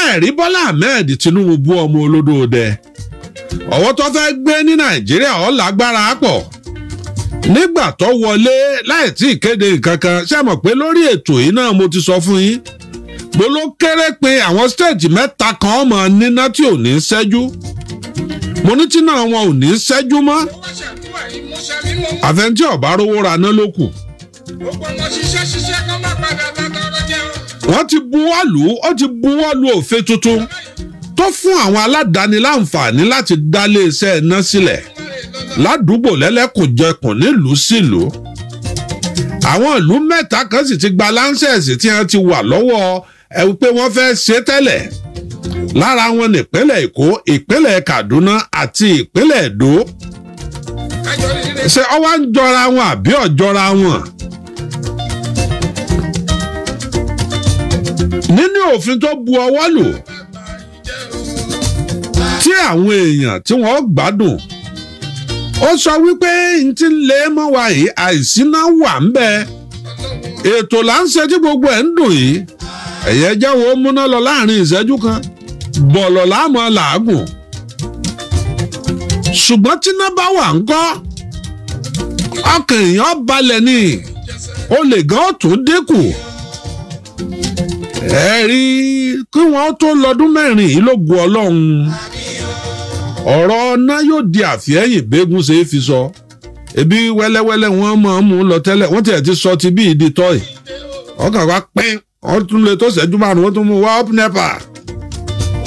ẹ̀rí Bọ́lá Ahmed Tinubu bú ọmọ olódó dẹ ọwọ́ tó fẹ́ gbé ní Nàìjíríà ó lágbára pọ̀ nígbà tó wọlé láì tí ì kéde nǹkan kan ṣe mọ̀ pé lórí ètò yìí náà mo ti sọ fún yín mo ló kéré pé àwọn stéètì mẹ́ta kan ọmọ níná tí ò ní ṣẹ́jú mo ní tí náà wọn ò ní ṣẹ́jú mọ́ àfẹnjẹ́ ọ̀bá rówó ra ná ló kù. gbogbo ọmọ ṣiṣẹ́ ṣiṣẹ́ kan bá padà bá jẹun wọ́n ti buwọ́lù ó ti buwọ́lù òfin tuntun tó fún àwọn aládàáni láǹfààní láti dá iléeṣẹ́ iná sílẹ̀ ládùúgbò lẹ́lẹ́kùnjẹkùn nílùú sílùú àwọn ìlú mẹ́ta kan sì ti gba láńsẹ̀sì tí wọ́n ti wà lọ́wọ́ ẹ pé wọ́n fẹ́ ṣe tẹ́lẹ̀ lára wọn ní ìpínlẹ̀ Èkó ìpínlẹ̀ Kaduna àti ìpínlẹ̀ Èdó ṣé ó wá ń jọra wọn àbí ó jọra wọn nínú òfin tó bu ọwọ́ lò tí àwọn èèyàn tí wọ́n gbádùn ó sọ wípé n ti lè mọ́ wa yìí àìsíná wà ń bẹ ètò tí gbogbo ẹ̀ ń dùn yìí ẹ̀yẹ jáwọ́ múná lọ láàrin ìṣẹ́jú kan bọ̀lọ̀ láàmú làágùn ṣùgbọ́n tí bá wà ń kọ́ ọkàn èèyàn balẹ̀ ni gan dínkù. ẹ rí kí wọ́n tó lọ́dún mẹ́rin yìí lógo ọlọ́run ọ̀rọ̀ náà yóò di àfihẹ́yìn bẹ́gùn ṣe é fi sọ ebi wẹ́lẹ́wẹ́lẹ́ wọ́n máa ń mú un lọ tẹ́lẹ̀ wọ́n tiẹ̀ ti sọ ti bí ìdí tọ́ì ọkàn wa pín wọ́n tún lè tó ṣẹ́jú márùn wọ́n tún mú wá up nepa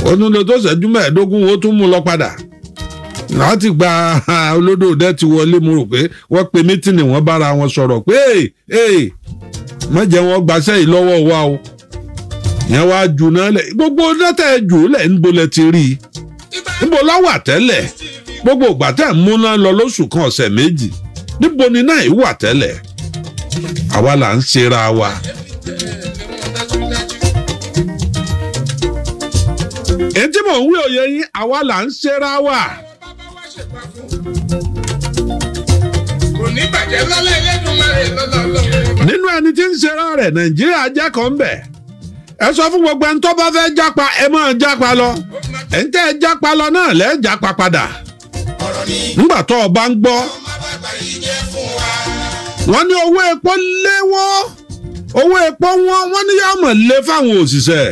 wọ́n tún lè tó ṣẹ́jú mẹ́ẹ̀ẹ́dógún wọ́n tún mú lọ padà láti gba olódò dé ti wọlé mo rò pé wọ́n pe mítìnì wọ́n bára wọn sọ̀rọ̀ pé ẹ̀ yìí lọ́wọ́ wa o. yẹn wá juná lẹ gbogbo dátà jù lẹ níbo lẹ ti rí i níbo láwà gbogbo gbàtẹ tẹ́ múná lọ lóṣù kan ọ̀sẹ̀ méjì níbo ni náà ìwà tẹ́lẹ̀ àwa là ń ṣera wa. ètí mò ń wí òye yín àwa là ń ṣera wa. ní bàjẹ́ nínú ẹni tí ń ṣera nàìjíríà jẹ́ kan ẹ sọ fún gbogbo ẹni tó bá fẹ́ jápa ẹ máa jápa lọ ẹ̀ ń tẹ́ ẹ jápa lọ náà lẹ́ jápa padà nígbà tó o bá ń gbọ́ wọ́n ní owó epo léwó owó epo wọn wọ́n ní yàá mọ̀ lé fáwọn òṣìṣẹ́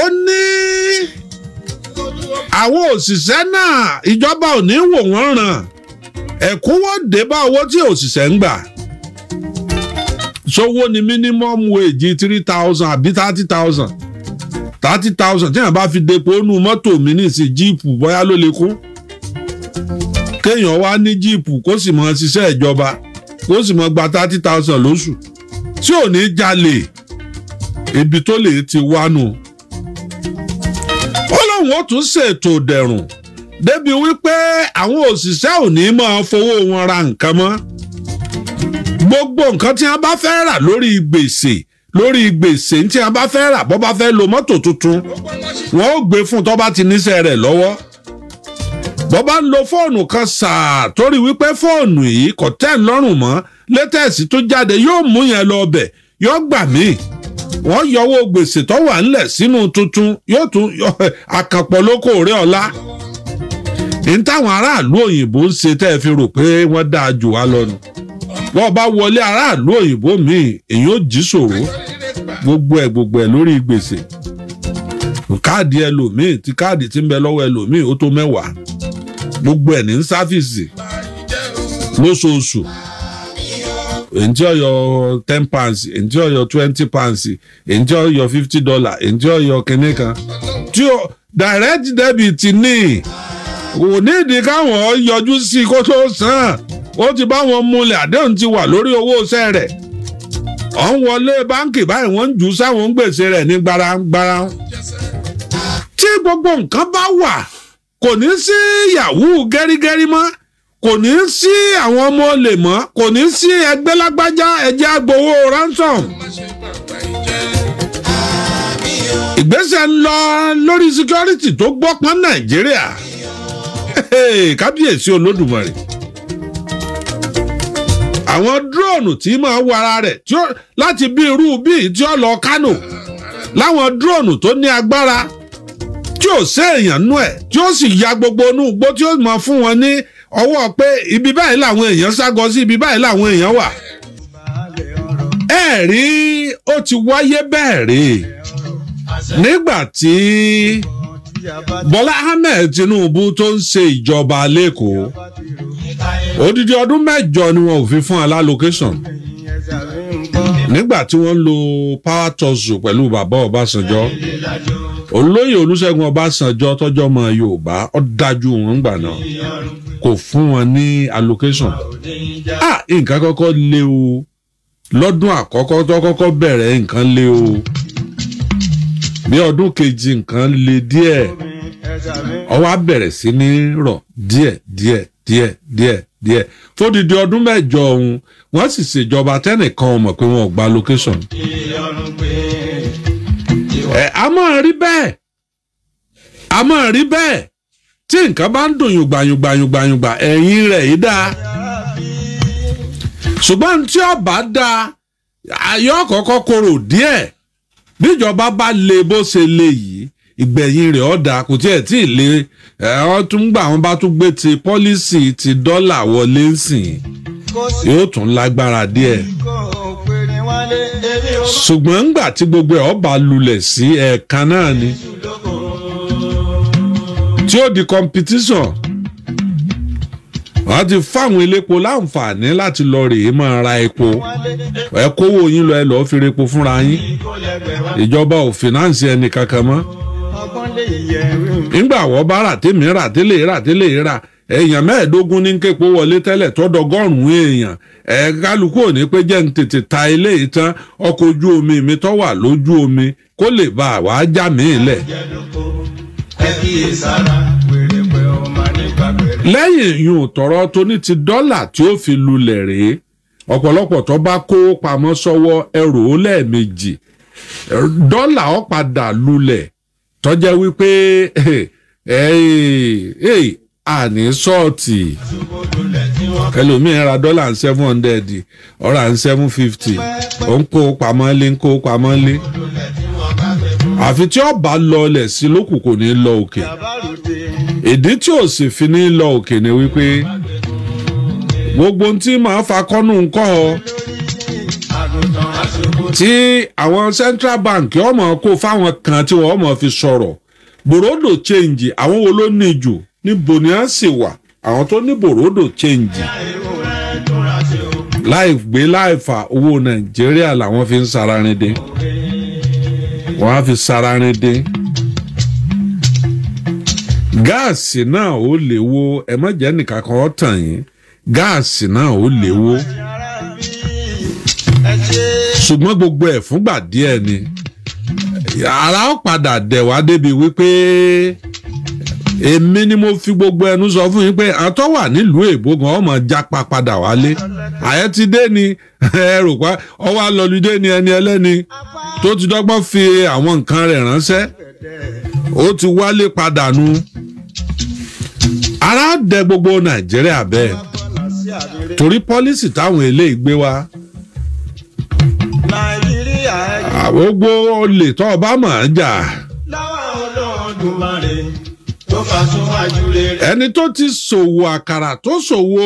ó ní àwọn òṣìṣẹ́ náà ìjọba ò ní wò wọ́n ràn ẹ̀kúnwó dé bá owó tí òṣìṣẹ́ ń gbà. ṣówó ni minimum wage three thousand àbí thirty thousand thirty thousand téèyàn bá fi depo nu mọ́tò mi nísìn jíìpù bóyá ló lè kún kéèyàn wá ní jíìpù kó sì mọ ṣiṣẹ́ ìjọba kó sì mọ gba thirty thousand lóṣù tí ò ní jalè ibi tó lè ti wá nù. ó lóun ó tún ṣètò dẹ̀rùn débi wípé àwọn òṣìṣẹ́ ò ní máa fowó wọn ra nǹkan mọ́ gbogbo nǹkan tí wọ́n bá fẹ́ rà lórí gbèsè lórí gbèsè tí wọ́n bá fẹ́ rà bọ́ bá fẹ́ lo mọ́tò tuntun wọ́n ó gbé fún tó bá ti níṣẹ́ rẹ̀ lọ́wọ́ bọ́ bá ń lo fóònù kan sàá torí wípé fóònù yìí kò tẹ́ ń lọ́rùn mọ́ létẹ̀sí tó jáde yóò mú yẹn lọ ọbẹ̀ yóò gbà míì wọ́n yọwọ́ gbèsè tó wà ńlẹ̀ sínú tuntun yóò tún àkàpọ̀ lóko rẹ̀ ọ̀la ní aráàlú òyìnbó ń ṣe tẹ́ ẹ fi rò pé wọ́n dáa jù wá lọ́nu bọ́ọ̀ bá wọlé aráàlú òyìnbó míì èyí ò jí ṣòro gbogbo ẹ̀ gbogbo ẹ̀ lórí gbèsè káàdì ẹlòmíì tí káàdì tí ń bẹ lọ́wọ́ ẹlòmíì ó tó mẹ́wàá gbogbo ẹ̀ ní sáfìsì lóṣooṣù èntí ọyọ ten pounds èntí ọyọ twenty pounds èntí ọyọ fifty dollar èntí ọyọ kínní kan tí o direct debit ní kò nídìí káwọn yọjú sí kó tó sàn ó ti bá wọn múlẹ̀ àdéhùn ti wà lórí owó iṣẹ́ rẹ̀ ọ̀ ń wọlé báńkì báyìí wọ́n ń jù sáwọn gbèsè rẹ̀ ní gbarangbara tí gbogbo nǹkan bá wà kò ní sí yahoo gẹ́rígẹ́rí mọ́ kò ní sí àwọn ọmọ olè mọ́ kò ní sí ẹgbẹ́ lágbájá ẹjẹ́ agbowó ransom ìgbésẹ̀ ń lọ lórí security tó gbọ́pọ́n nàìjíríà kábíyèsí olódùmarè àwọn dúróònù tí máa wọ ara rẹ̀ láti bí irú bíi tí ó lọ Kánò láwọn dúróònù tó ní agbára tí ò séèyàn nú ẹ̀ tí ó sì ya gbogbo inú igbó tí ó máa fún wọn ní ọwọ́ pé ibi báyìí làwọn èèyàn ságọ sí ibi báyìí làwọn èèyàn wà. ẹ rí ó ti wáyé bẹ́ẹ̀ rí nígbà tí. Bọ́lá Ahmed Tinubu tó ń ṣe ìjọba lẹ́kọ̀ọ́ odidi ọdún mẹ́jọ ni wọn ò fi fún alálòkéṣàn nígbà tí wọ́n lo power tussle pẹ̀lú bàbá Ọbásanjọ́ olóyè Olúṣẹ́gun Ọbásanjọ́ tọ́jọ́ ọmọ Yorùbá ó dájú òun gbà náà kò fún wọn ní allocation ah nǹkan kọ́kọ́ lé o lọ́dún àkọ́kọ́ tó kọ́kọ́ bẹ̀rẹ̀ nǹkan lé o. ní ọdún kejì nǹkan le díẹ̀ ó wá bẹ̀rẹ̀ sí ní rọ̀ díẹ̀ díẹ̀ díẹ̀ díẹ̀ díẹ̀ fódìdí ọdún mẹ́jọ ọ̀hún wọ́n sì ṣèjọba tẹ́nìkan ò pé wọn gba location. a máa rí bẹ́ẹ̀ a máa rí bẹ́ẹ̀ tí nǹkan bá ń ṣùgbọ́n tí ọba dáa kọ́kọ́ korò díẹ̀ bíjọba bá le bó ṣe le yìí ìgbẹ̀yìn rẹ̀ ọ̀dà kò tiẹ̀ tí ì le ọ̀ tún gbà wọ́n bá tún gbé ti pọ́lísì ti dọ́là wọlé ńsìn yóò tún lágbára díẹ̀ ṣùgbọ́n ńgbà tí gbogbo ẹ̀ ọba lulẹ̀ sí ẹ̀ẹ̀kan náà ni tí ó di competition. wọ́n ti fáwọn elépo láǹfààní láti lọ rèé máa ra epo ẹ kówó yín lọ ẹ lọ́ọ́ fi repo fúnra yín ìjọba ò fìnáǹsì ẹnì kankan mọ́ nígbà wọ́n bá rà tèmi rà tẹ́lẹ̀ rà rà èèyàn mẹ́ẹ̀ẹ́dógún ní wọlé tẹ́lẹ̀ tọ́dọ̀gọ́rùn-ún èèyàn ẹ̀ kálukú ò pé jẹ́ ń tètè ta tán ọkọ̀ ojú omi mi tó wà lójú omi kó lè lẹ́yìn ìyún tọrọ tó ní ti dọ́là tí ó fi lulẹ̀ rèé ọ̀pọ̀lọpọ̀ tó bá kó pamọ́ sọ́wọ́ ẹrù ó lẹ́ẹ̀mejì dọ́là ó padà lulẹ̀ tó jẹ́ wípé àní sọ́ọ̀tì ẹlòmíín ra dọ́là ń seven hundred ọ̀rà ń seven fifty ó ń kó pamọ́ lé ń kó pamọ́ lé àfi tí ọba lọlẹ̀ sí lókù kò ní lọ òkè. Okay ìdí tí ò sì fi ní lọ òkè ni wípé gbogbo ohun tí màá fa kọ́nù ń ọ tí àwọn central bank ọmọ kó fáwọn kan tí wọ́n mọ̀ fi sọ̀rọ̀ bòròdò change àwọn wo ló ní jù níbo ni a sì wà àwọn tó ní bòròdò change láì gbé láì fà owó nàìjíríà làwọn fi ń sararin dé wọ́n á fi sararin dé gáàsì náà ó wo. ẹ má jẹ́ nìkan kan ó tàn yín gáàsì náà ó léwó ṣùgbọ́n gbogbo ẹ̀ fúngbà díẹ̀ ni ara ó padà dẹ̀ wá débi wípé èmi ni mo fi gbogbo ẹnu sọ fún yín pé àtọ́ wà nílùú èbó gan ọmọ japa padà wálé àyẹ́ ni ẹrù pa ọwọ́ àlọ́lùdé ni ẹni ẹlẹ́ni tó ti dọ́gbọ́n fi àwọn nǹkan rẹ̀ ránṣẹ́ ó ti wálé padà nu ara dẹ gbogbo nàìjíríà bẹ́ẹ̀ torí pọ́lísì táwọn eléyìí gbé wá gbogbo olè tó o bá mọ̀ ń jà ẹni tó ti ṣòwò àkàrà tó ṣòwò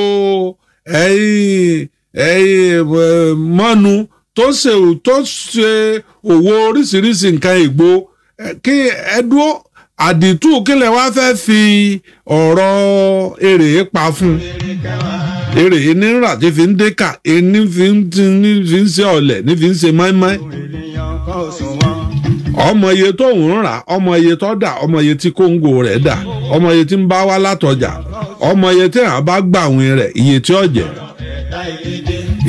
ẹyin ẹyin mọ́nu tó ṣe òwò oríṣiríṣi nǹkan ìgbó. kí ẹ dúró àdìtú kílẹ̀ wá fẹ́ fi ọ̀rọ̀ èrè pa fún un. èrè nira tí fi ń dékà ní fi ń ṣe ọ̀lẹ̀ ní fi ń ṣe mọ́ínmọ́ín ọmọ iye tó ń rà ọmọ iye tó dà ọmọ iye tí kóńgò rẹ̀ dà ọmọ iye tí ń bá wá látọjà ọmọ iye tí àwọn bá gbàwìn rẹ̀ iye tí ó jẹ́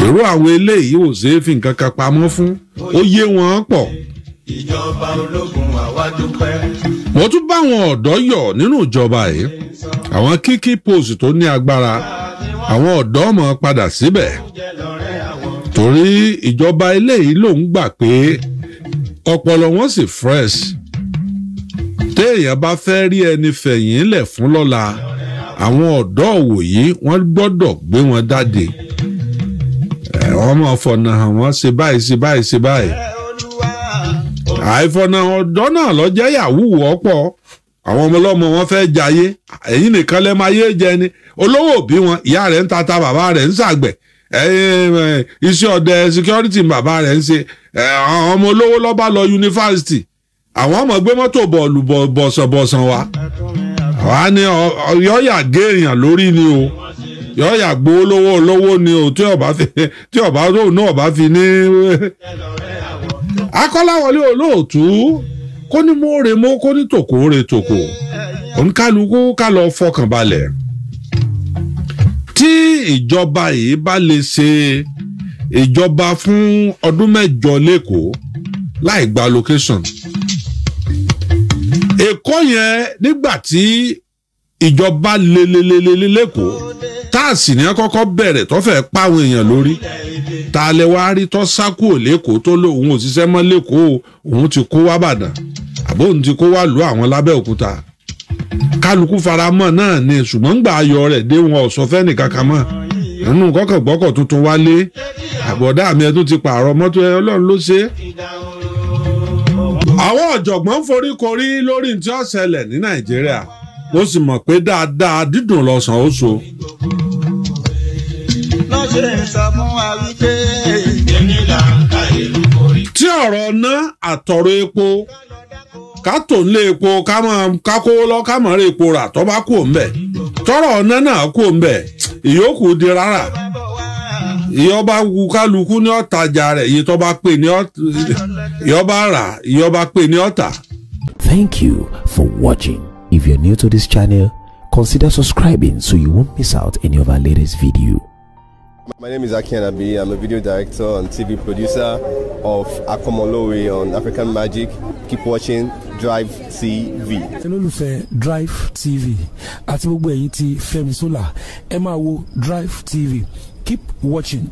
irú àwọn eléyìí ò ṣeé fi nǹkan kan pamọ́ fún ó yé wọn pọ̀. ìjọba ológun àwa dúpẹ́. wọ́n tún bá àwọn ọ̀dọ́ yọ̀ nínú ìjọba yìí àwọn kíkí post tó ní agbára àwọn ọ̀dọ́ mọ̀ padà síbẹ̀ torí ìjọba eléyìí lòún gbà pé ọpọlọ wọn sì fresh téèyàn bá fẹ́ rí ẹni fẹ̀yìn lẹ̀ fún lọ́la àwọn ọ̀dọ́ òwòyí wọ́n gbọ́dọ̀ gbé wọn jáde ẹ̀ wọ́n mọ̀ fọ̀nà àwọn ṣe báyìí ṣe báyìí ṣe báyìí àìfọ̀nà ọ̀dọ́ náà lọ jẹ́ yahoo ọ̀pọ̀ àwọn ọmọlọ́mọ wọn fẹ́ jayé ẹ̀yin nìkan lẹ́ máa yé jẹ ni olówó òbí wọn ìyá rẹ̀ ń tata bàbá rẹ̀ ń ṣàgbẹ̀ iṣẹ́ ọdẹ security bàbá rẹ̀ ń ṣe àwọn ọmọ olówó lọ́ba lọ yunifásitì àwọn ọmọ gbé mọ́tò bọ̀ọ̀lù bọ̀sọ̀bọ̀sàn wa wa ni yọ̀ọ̀yà gé èèyàn lórí ni o yọ̀ọ̀yà gbowó lówó olówó ni o tí ọba tó náà ọba fi ní akọ́láwọlé olóòtú kó ní mo rè mo kó ní tòkó rè tòkó oníkálukú ká lọ fọkàn balẹ̀ tí ìjọba yìí bá lè ṣe ìjọba fún ọdún mẹ́jọ lẹ́kọ̀ọ́ láì gba location èkó yẹn nígbà tí ìjọba lelelelele lẹ́kọ̀ọ́ táàsì ni wọ́n kọ́kọ́ bẹ̀rẹ̀ tó fẹ́ pa àwọn èèyàn lórí ta lẹ wá rí tó sákò lẹ́kọ̀ọ́ tó lóun òṣìṣẹ́ mọ́ lẹ́kọ̀ọ́ òun ti kó wá bàdàn àbó òun ti kó wá lù àwọn lábẹ́òkúta kálukú faramọ́ náà ni ṣùgbọ́n ń gbà ayọ̀ rẹ̀ dé wọn ọ̀sọ́ fẹ́ nìkankan mọ́ nínú kọ́kàngbọ́kọ̀ tuntun wálé àbọ̀dá mi ẹ̀ tún ti pààrọ̀ mọ́tò ẹ ọlọ́run ló ṣe é àwọn ọ̀jọ̀gbọ́n foríkorí lórí tí ó ṣẹlẹ̀ ní nàìjíríà mo sì mọ̀ pé dáadáa dídùn lọ́sàn ó so. ti ọrọ atọrọ epo ká epo ká kó epo rà tó bá kú tọrọ náà kú òun ìyókù di rárá ìyọba kálukú ní ọ̀tajà rẹ̀ iye tó bá pè ní ìyọba rà ìyọba pè ní Thank you for watching. If you're new to this channel, consider subscribing so you won't miss out any of our latest video. My name is Akian Anabi. I'm a video director and TV producer of Akomolowe on African Magic. Keep watching Drive TV. olólùfẹ́ Drive TV àti gbogbo ẹ̀yin tí Fẹ́mi Sola Drive TV. Keep watching.